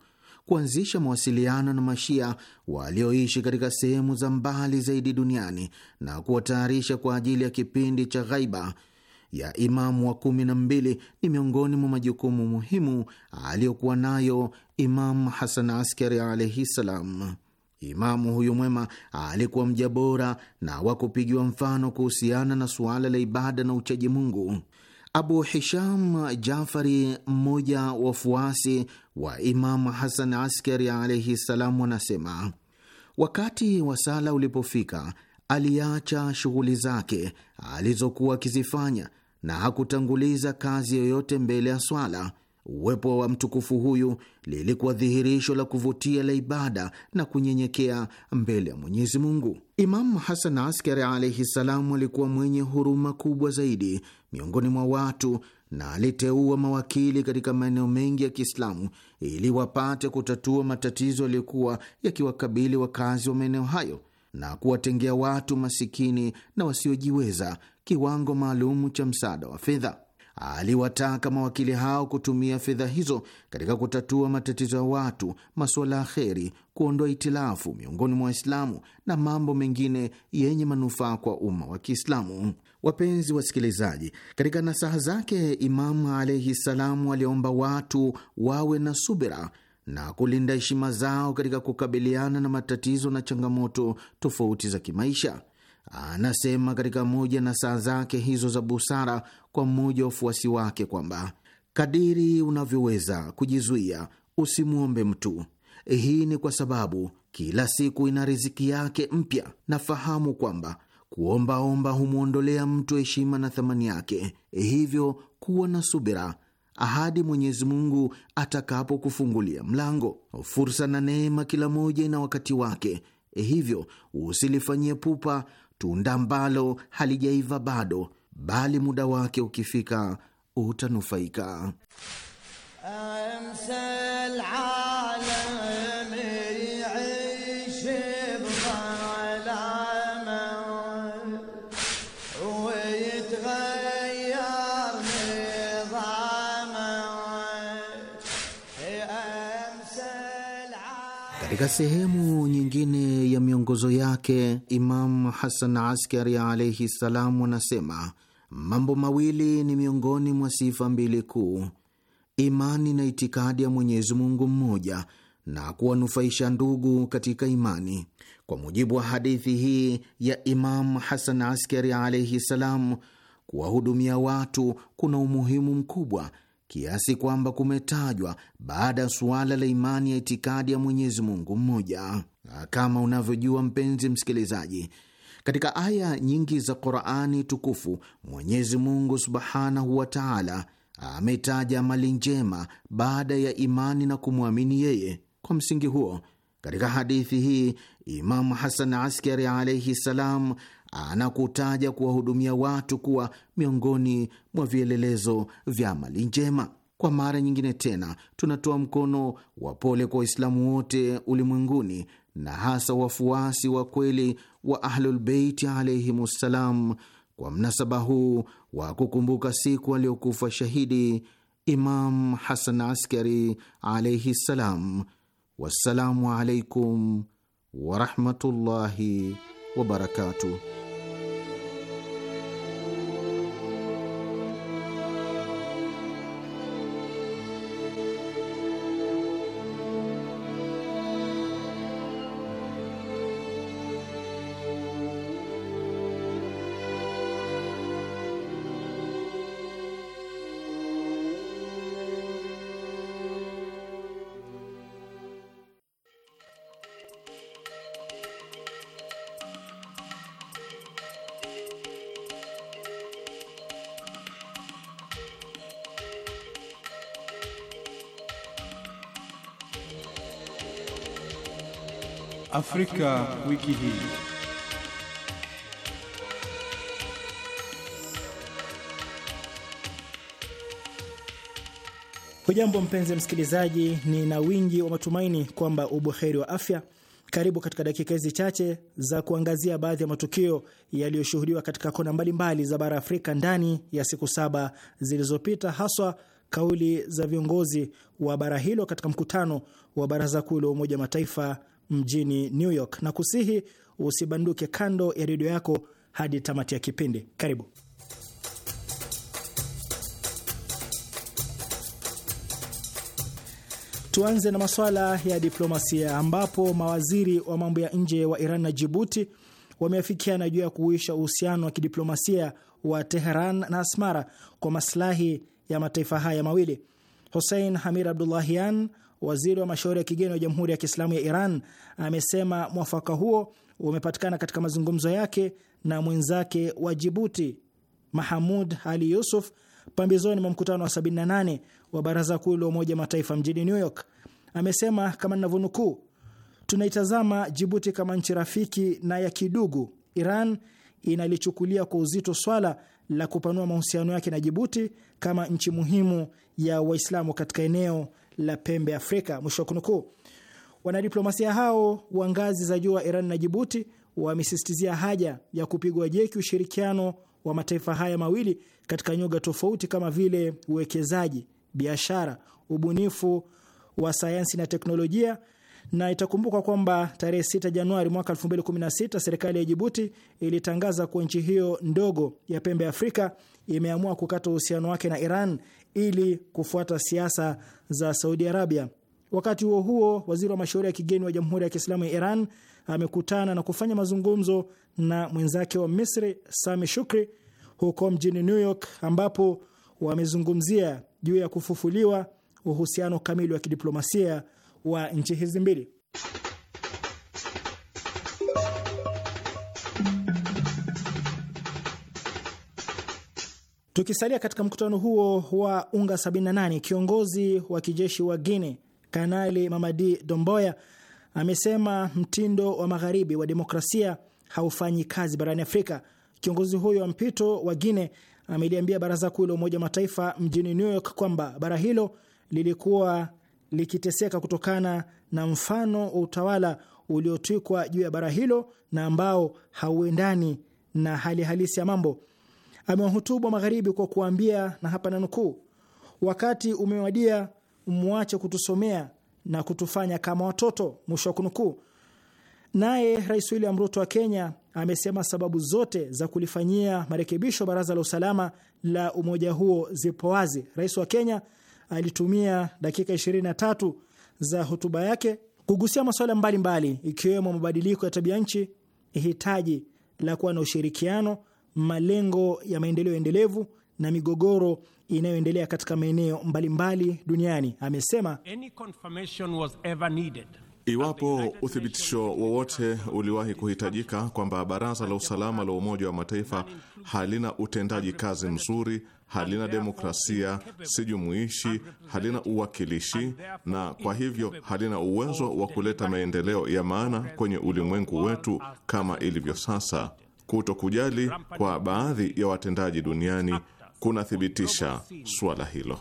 C: kuanzisha mawasiliano na mashia walioishi katika sehemu za mbali zaidi duniani na kuwatayarisha kwa ajili ya kipindi cha ghaiba ya Imamu wa kumi na mbili ni miongoni mwa majukumu muhimu aliyokuwa nayo Imamu Hasan Askari alaihi ssalam. Imamu huyu mwema alikuwa mja bora na wa kupigiwa mfano kuhusiana na suala la ibada na uchaji Mungu. Abu Hisham Jafari, mmoja wafuasi wa Imamu Hasan Askari alaihi ssalam, anasema wakati wa sala ulipofika, aliacha shughuli zake alizokuwa akizifanya na hakutanguliza kazi yoyote mbele ya swala. Uwepo wa mtukufu huyu lilikuwa dhihirisho la kuvutia la ibada na kunyenyekea mbele ya Mwenyezi Mungu. Imamu Hasan Askari alaihi salamu alikuwa mwenye huruma kubwa zaidi miongoni mwa watu na aliteua mawakili katika maeneo mengi ya Kiislamu ili wapate kutatua matatizo yaliyokuwa yakiwakabili wakazi wa maeneo hayo na kuwatengea watu masikini na wasiojiweza kiwango maalum cha msaada wa fedha aliwataka mawakili hao kutumia fedha hizo katika kutatua matatizo ya watu, masuala ya kheri, kuondoa itilafu miongoni mwa Waislamu na mambo mengine yenye manufaa kwa umma wa Kiislamu. Wapenzi wasikilizaji, katika nasaha zake Imamu alaihi salamu aliomba watu wawe na subira na kulinda heshima zao katika kukabiliana na matatizo na changamoto tofauti za kimaisha anasema katika moja na saa zake hizo za busara kwa mmoja wa wafuasi wake kwamba kadiri unavyoweza kujizuia usimwombe mtu. Hii ni kwa sababu kila siku ina riziki yake mpya. Nafahamu kwamba kuombaomba humwondolea mtu heshima na thamani yake, hivyo kuwa na subira ahadi Mwenyezi Mungu atakapokufungulia mlango. Fursa na neema kila moja ina wakati wake, hivyo usilifanyie pupa tunda ambalo halijaiva bado, bali muda wake ukifika utanufaika. sehemu nyingine ya miongozo yake Imam Hasan Askari alaihi ssalam anasema mambo mawili ni miongoni mwa sifa mbili kuu: imani na itikadi ya Mwenyezi Mungu mmoja na kuwanufaisha ndugu katika imani. Kwa mujibu wa hadithi hii ya Imam Hasan Askari alaihi ssalam, kuwahudumia watu kuna umuhimu mkubwa kiasi kwamba kumetajwa baada ya suala la imani ya itikadi ya Mwenyezi Mungu mmoja. Kama unavyojua mpenzi msikilizaji, katika aya nyingi za Qurani tukufu Mwenyezi Mungu subhanahu wa taala ametaja mali njema baada ya imani na kumwamini yeye. Kwa msingi huo, katika hadithi hii Imamu Hasan Askari alaihi salam anakutaja kuwahudumia watu kuwa miongoni mwa vielelezo vya mali njema. Kwa mara nyingine tena, tunatoa mkono wa pole kwa Waislamu wote ulimwenguni na hasa wafuasi wa kweli wa Ahlulbeiti ssalam, kwa mnasaba huu wa kukumbuka siku aliyokufa shahidi Imam Hasan Askari alaihi ssalam. Wassalamu alaikum warahmatullahi wabarakatuh.
D: Afrika wiki hii.
E: Hujambo mpenzi msikilizaji, ni na wingi wa matumaini kwamba ubuheri wa afya. Karibu katika dakika hizi chache za kuangazia baadhi ya matukio yaliyoshuhudiwa katika kona mbalimbali za bara Afrika ndani ya siku saba zilizopita, haswa kauli za viongozi wa bara hilo katika mkutano wa Baraza Kuu la Umoja wa Mataifa mjini New York, na kusihi usibanduke kando ya redio yako hadi tamati ya kipindi. Karibu. Tuanze na masuala ya diplomasia ambapo mawaziri wa mambo ya nje wa Iran na Jibuti wameafikiana juu ya kuhuisha uhusiano wa kidiplomasia wa Teheran na Asmara kwa maslahi ya mataifa haya mawili. Hussein Hamir Abdullahian, waziri wa mashauri ya kigeni wa Jamhuri ya Kiislamu ya Iran, amesema mwafaka huo umepatikana katika mazungumzo yake na mwenzake wa Jibuti Mahamud Ali Yusuf pambizoni mwa mkutano wa 78 wa Baraza Kuu la Umoja Mataifa mjini New York. Amesema kama ninavyonukuu, tunaitazama Jibuti kama nchi rafiki na ya kidugu. Iran inalichukulia kwa uzito swala la kupanua mahusiano yake na Jibuti kama nchi muhimu ya Waislamu katika eneo la pembe Afrika. Mwisho wa kunukuu. Wanadiplomasia hao wa ngazi za juu wa Iran na Jibuti wamesisitizia haja ya kupigwa jeki ushirikiano wa mataifa haya mawili katika nyuga tofauti kama vile uwekezaji, biashara, ubunifu wa sayansi na teknolojia na itakumbuka kwamba tarehe 6 Januari mwaka 2016 serikali ya Jibuti ilitangaza kuwa nchi hiyo ndogo ya pembe Afrika imeamua kukata uhusiano wake na Iran ili kufuata siasa za Saudi Arabia. Wakati huo huo, waziri wa mashauri ya kigeni wa Jamhuri ya Kiislamu ya Iran amekutana na kufanya mazungumzo na mwenzake wa Misri Sami Shukri huko mjini New York, ambapo wamezungumzia juu ya kufufuliwa uhusiano kamili wa kidiplomasia wa nchi hizi mbili. Tukisalia katika mkutano huo wa UNGA 78 kiongozi wa kijeshi wa guine Kanali Mamadi Domboya amesema mtindo wa magharibi wa demokrasia haufanyi kazi barani Afrika. Kiongozi huyo wa mpito wa guine ameliambia baraza kuu la Umoja wa Mataifa mjini New York kwamba bara hilo lilikuwa likiteseka kutokana na mfano wa utawala uliotwikwa juu ya bara hilo na ambao hauendani na hali halisi ya mambo. Amewahutubwa Magharibi kwa kuambia, na hapa nanukuu, wakati umewadia, mwache kutusomea na kutufanya kama watoto, mwisho wa kunukuu. Naye Rais William Ruto wa Kenya amesema sababu zote za kulifanyia marekebisho baraza la usalama la umoja huo zipo wazi. Rais wa Kenya alitumia dakika 23 za hotuba yake kugusia masuala mbalimbali ikiwemo mabadiliko ya tabia nchi, hitaji la kuwa na ushirikiano, malengo ya maendeleo endelevu na migogoro inayoendelea katika maeneo mbalimbali duniani. Amesema
A: Any confirmation was ever needed Iwapo
D: uthibitisho wowote uliwahi kuhitajika kwamba Baraza la Usalama la Umoja wa Mataifa halina utendaji kazi mzuri, halina demokrasia, si jumuishi, halina uwakilishi na kwa hivyo halina uwezo wa kuleta maendeleo ya maana kwenye ulimwengu wetu kama ilivyo sasa, kuto kujali kwa baadhi ya watendaji duniani kunathibitisha suala hilo.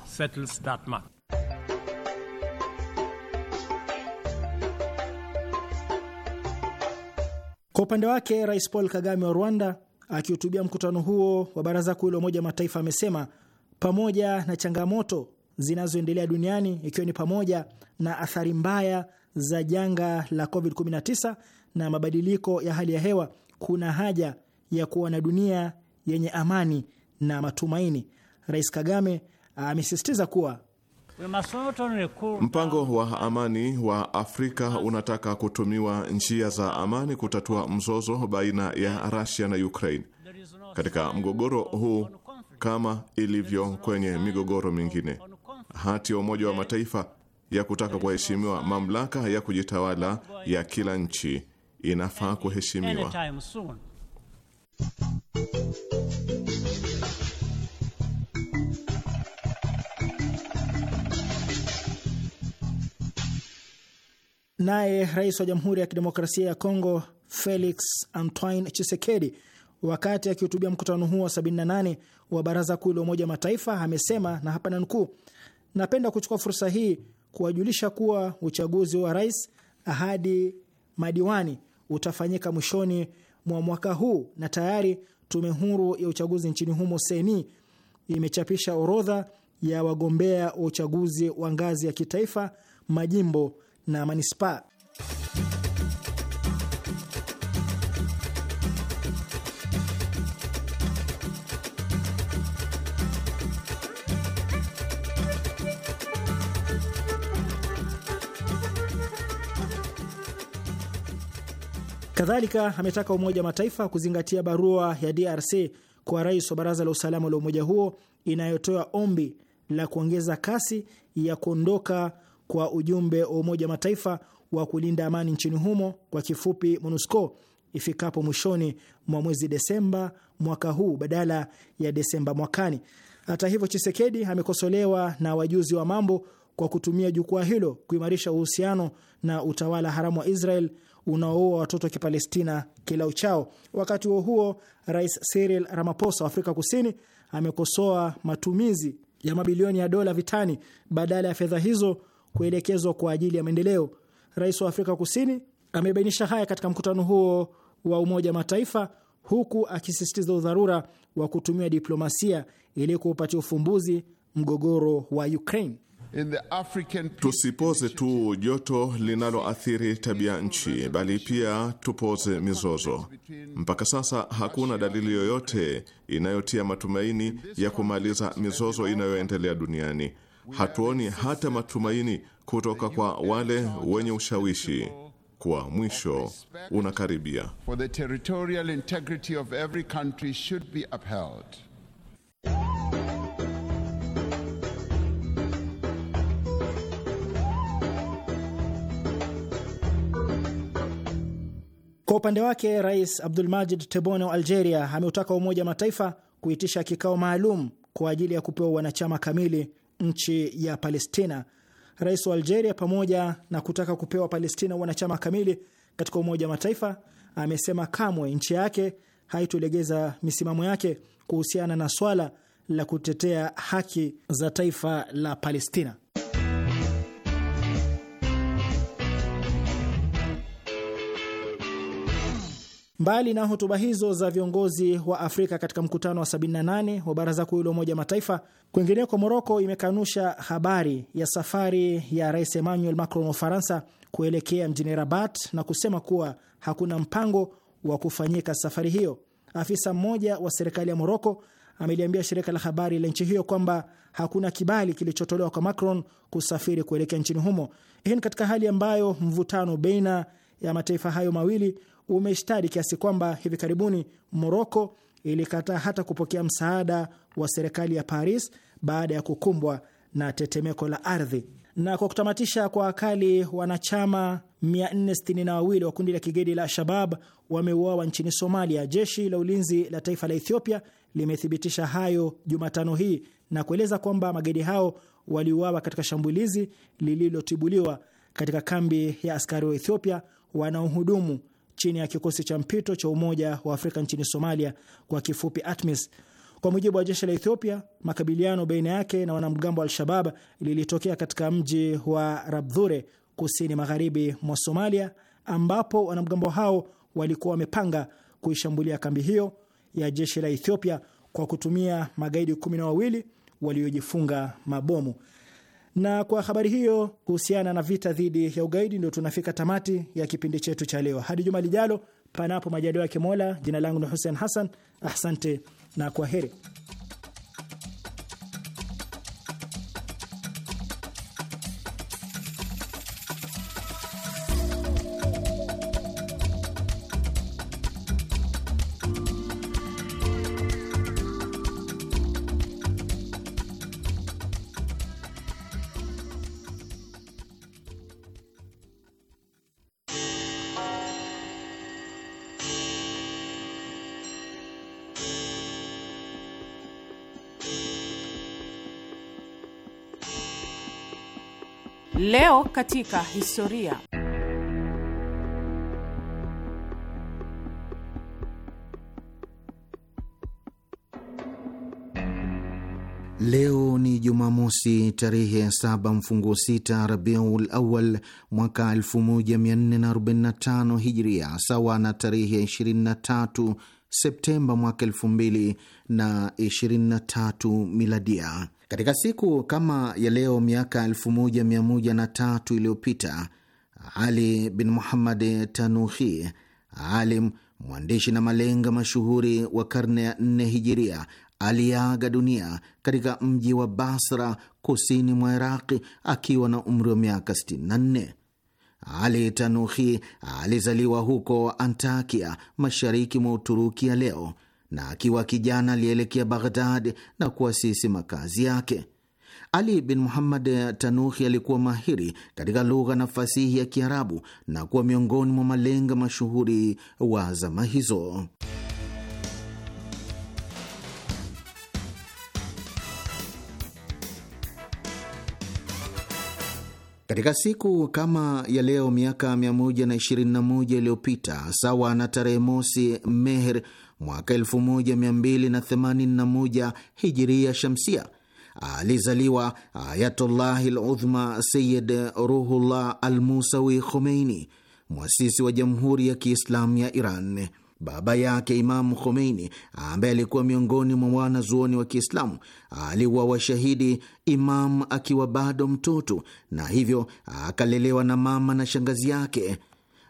E: Kwa upande wake, Rais Paul Kagame wa Rwanda akihutubia mkutano huo wa Baraza Kuu la Umoja wa Mataifa amesema pamoja na changamoto zinazoendelea duniani ikiwa ni pamoja na athari mbaya za janga la COVID-19 na mabadiliko ya hali ya hewa, kuna haja ya kuwa na dunia yenye amani na matumaini. Rais Kagame amesisitiza kuwa
D: Mpango wa amani wa Afrika unataka kutumiwa njia za amani kutatua mzozo baina ya Russia na Ukraine. Katika mgogoro huu kama ilivyo kwenye migogoro mingine, hati ya Umoja wa Mataifa ya kutaka kuheshimiwa mamlaka ya kujitawala ya kila nchi inafaa kuheshimiwa.
E: Naye rais wa Jamhuri ya Kidemokrasia ya Kongo Felix Antoine Chisekedi, wakati akihutubia mkutano huo wa 78 wa Baraza Kuu la Umoja wa Mataifa, amesema na hapa nanukuu, napenda kuchukua fursa hii kuwajulisha kuwa uchaguzi wa rais hadi madiwani utafanyika mwishoni mwa mwaka huu na tayari tume huru ya uchaguzi nchini humo seni imechapisha orodha ya wagombea wa uchaguzi wa ngazi ya kitaifa, majimbo na manispaa. Kadhalika ametaka Umoja wa Mataifa kuzingatia barua ya DRC kwa rais wa Baraza la Usalama la umoja huo inayotoa ombi la kuongeza kasi ya kuondoka kwa ujumbe wa Umoja wa Mataifa wa kulinda amani nchini humo kwa kifupi MONUSCO ifikapo mwishoni mwa mwezi Desemba mwaka huu badala ya Desemba mwakani. Hata hivyo, Chisekedi amekosolewa na wajuzi wa mambo kwa kutumia jukwaa hilo kuimarisha uhusiano na utawala haramu wa Israel unaoua watoto wa Kipalestina kila uchao. Wakati huo huo, Rais Cyril Ramaphosa wa Afrika Kusini amekosoa matumizi ya mabilioni ya dola vitani badala ya fedha hizo kuelekezwa kwa ajili ya maendeleo. Rais wa Afrika Kusini amebainisha haya katika mkutano huo wa Umoja Mataifa, huku akisisitiza udharura wa kutumia diplomasia ili kuupatia ufumbuzi mgogoro wa Ukraine.
D: tusipoze tu joto linaloathiri tabia nchi, bali pia tupoze mizozo. Mpaka sasa hakuna dalili yoyote inayotia matumaini ya kumaliza mizozo inayoendelea duniani hatuoni hata matumaini kutoka kwa wale wenye ushawishi kuwa mwisho unakaribia.
E: Kwa upande wake Rais Abdulmajid Tebboune wa Algeria ameutaka Umoja wa Mataifa kuitisha kikao maalum kwa ajili ya kupewa wanachama kamili nchi ya Palestina. Rais wa Algeria, pamoja na kutaka kupewa Palestina wanachama kamili katika Umoja wa Mataifa, amesema kamwe nchi yake haitolegeza misimamo yake kuhusiana na swala la kutetea haki za taifa la Palestina. Mbali na hotuba hizo za viongozi wa Afrika katika mkutano wa 78 wa Baraza Kuu la Umoja Mataifa, kwingineko Moroko imekanusha habari ya safari ya Rais Emmanuel Macron wa Ufaransa kuelekea mjini Rabat na kusema kuwa hakuna mpango wa kufanyika safari hiyo. Afisa mmoja wa serikali ya Moroko ameliambia shirika la habari la nchi hiyo kwamba hakuna kibali kilichotolewa kwa Macron kusafiri kuelekea nchini humo. Hii ni katika hali ambayo mvutano baina ya mataifa hayo mawili umeshtadi kiasi kwamba hivi karibuni Moroko ilikataa hata kupokea msaada wa serikali ya Paris baada ya kukumbwa na tetemeko la ardhi. Na kwa kutamatisha, kwa akali wanachama 462 wa kundi la kigedi la Al-Shabab wameuawa nchini Somalia. Jeshi la ulinzi la taifa la Ethiopia limethibitisha hayo Jumatano hii na kueleza kwamba magedi hao waliuawa katika shambulizi lililotibuliwa katika kambi ya askari wa Ethiopia wanaohudumu chini ya kikosi cha mpito cha Umoja wa Afrika nchini Somalia, kwa kifupi ATMIS. Kwa mujibu wa jeshi la Ethiopia, makabiliano baina yake na wanamgambo wa Al-Shabab lilitokea katika mji wa Rabdhure kusini magharibi mwa Somalia, ambapo wanamgambo hao walikuwa wamepanga kuishambulia kambi hiyo ya jeshi la Ethiopia kwa kutumia magaidi kumi na wawili waliojifunga mabomu. Na kwa habari hiyo kuhusiana na vita dhidi ya ugaidi, ndio tunafika tamati ya kipindi chetu cha leo. Hadi juma lijalo, panapo majaliwa ya Mola. Jina langu ni Hussein Hassan, asante na kwa heri.
F: katika historia.
C: Leo ni Jumamosi, tarehe ya saba mfunguo sita Rabiul Awal mwaka 1445 Hijria, sawa na tarehe ya 23 Septemba mwaka 2023 Miladia. Katika siku kama ya leo miaka 1103 iliyopita Ali bin Muhammad Tanuhi, alim mwandishi na malenga mashuhuri wa karne ya nne hijiria, aliaga dunia katika mji wa Basra kusini mwa Iraqi akiwa na umri wa miaka 64. Ali Tanuhi alizaliwa huko Antakia, mashariki mwa Uturuki ya leo na akiwa kijana alielekea Baghdad na kuasisi makazi yake. Ali bin Muhammad Tanuhi alikuwa mahiri katika lugha na fasihi ya Kiarabu na kuwa miongoni mwa malenga mashuhuri wa zama hizo. Katika siku kama ya leo miaka 121 iliyopita, sawa na tarehe mosi Meher mwaka 1281 hijiria shamsia alizaliwa Ayatullahi Ludhma Sayid Ruhullah Al Musawi Khomeini, mwasisi wa Jamhuri ya Kiislamu ya Iran. Baba yake Imamu Khomeini, ambaye alikuwa miongoni mwa wanazuoni wa Kiislamu, aliwa washahidi Imamu akiwa bado mtoto, na hivyo akalelewa na mama na shangazi yake.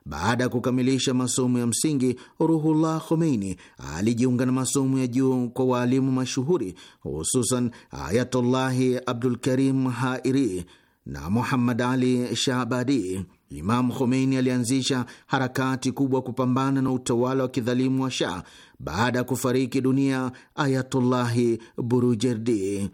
C: Baada ya kukamilisha masomo ya msingi, Ruhullah Khomeini alijiunga na masomo ya juu kwa waalimu mashuhuri, hususan Ayatullahi Abdulkarim Hairi na Muhammad Ali Shahbadi. Imam Khomeini alianzisha harakati kubwa kupambana na utawala wa kidhalimu wa Shah baada ya kufariki dunia Ayatullahi Burujerdi.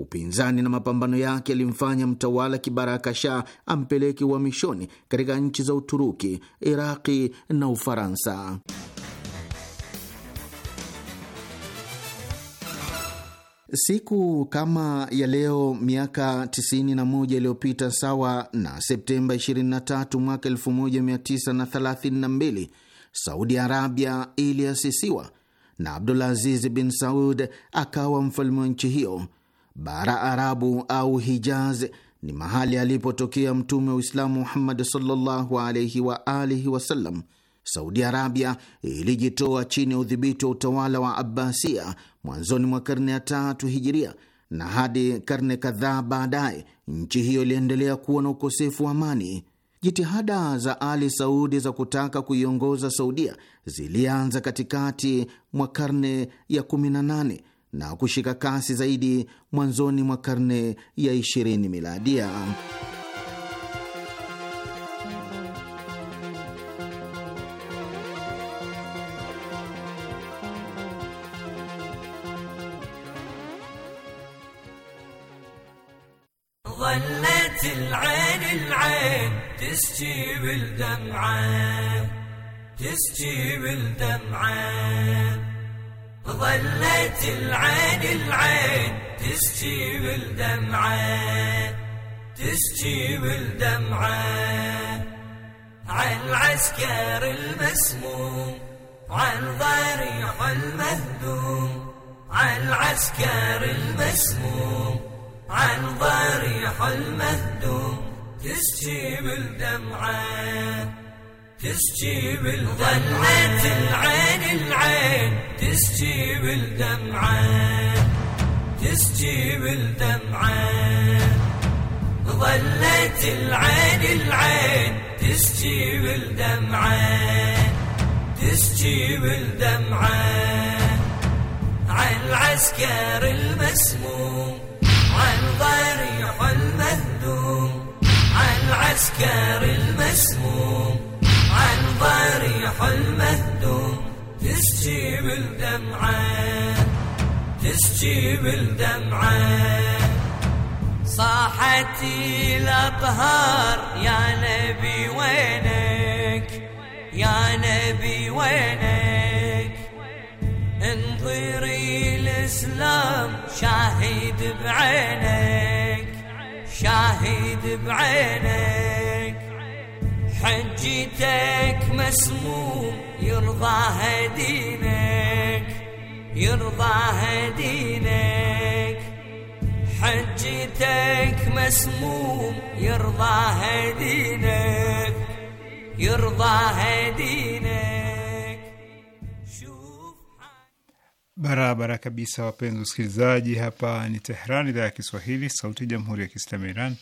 C: Upinzani na mapambano yake yalimfanya mtawala kibaraka Shah ampeleke uhamishoni katika nchi za Uturuki, Iraqi na Ufaransa. Siku kama ya leo miaka 91 iliyopita sawa na Septemba 23 mwaka 1932 Saudi Arabia iliasisiwa na Abdulaziz bin Saud akawa mfalme wa nchi hiyo. Bara Arabu au Hijaz ni mahali alipotokea Mtume wa Uislamu Muhammad sallallahu alaihi wa alihi wasallam. Saudi Arabia ilijitoa chini ya udhibiti wa utawala wa Abbasia mwanzoni mwa karne ya tatu hijiria, na hadi karne kadhaa baadaye nchi hiyo iliendelea kuwa na ukosefu wa amani. Jitihada za Ali Saudi za kutaka kuiongoza Saudia zilianza katikati mwa karne ya 18 na kushika kasi zaidi mwanzoni mwa karne ya 20 miladia.
G: تسجي بالدمعة تسجي بالدمعة ظلت العين العين تسجي بالدمعة تسجي بالدمعة عن العسكر المسموم عن ضريح المهدوم عن العسكر المسموم عن ضريح المهدوم تسجي بالدمعه تسجيب ظلت العين العين تسجيب الدمعة تسجيب الدمعة ظلت العين العين تسجيب الدمعة تسجيب الدمعة عن العسكر المسموم عن ضريح المهدوم عن العسكر المسموم عن ضريح المهدوم تسجي بالدمعة تسجي بالدمعة صاحتي الأطهار يا نبي وينك يا نبي وينك انظري الإسلام شاهد بعينك شاهد بعينك حجتك مسموم يرضاها دينك يرضاها دينك حجتك مسموم يرضاها دينك يرضاها دينك
H: شوف
B: barabara kabisa wapenzi wasikilizaji hapa ni Tehran idhaa ya Kiswahili sauti ya Jamhuri ya Kiislamu Iran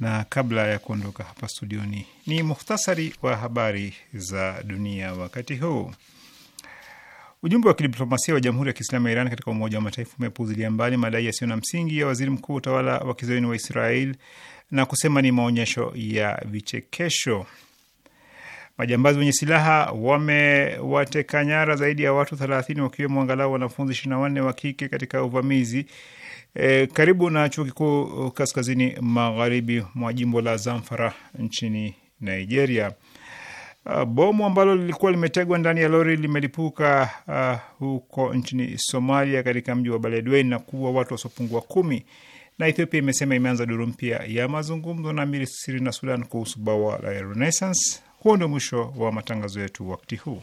B: na kabla ya kuondoka hapa studioni ni muhtasari wa habari za dunia wakati huu. Ujumbe wa kidiplomasia wa Jamhuri ya Kiislamu ya Iran katika Umoja wa Mataifa umepuuzilia mbali madai yasiyo na msingi ya waziri mkuu wa utawala wa kizayuni wa Israel na kusema ni maonyesho ya vichekesho. Majambazi wenye silaha wamewateka nyara zaidi ya watu 30 wakiwemo angalau wanafunzi 24 wa kike katika uvamizi e, karibu na chuo kikuu kaskazini magharibi mwa jimbo la Zamfara nchini Nigeria. Uh, bomu ambalo lilikuwa limetegwa ndani ya lori limelipuka uh, huko nchini Somalia katika mji wa Beledweyne na kuua watu wasiopungua kumi. Na Ethiopia imesema imeanza duru mpya ya mazungumzo na Misri na Sudan kuhusu bawa la Renaissance. Huo ndio mwisho wa matangazo
D: yetu wakati huu.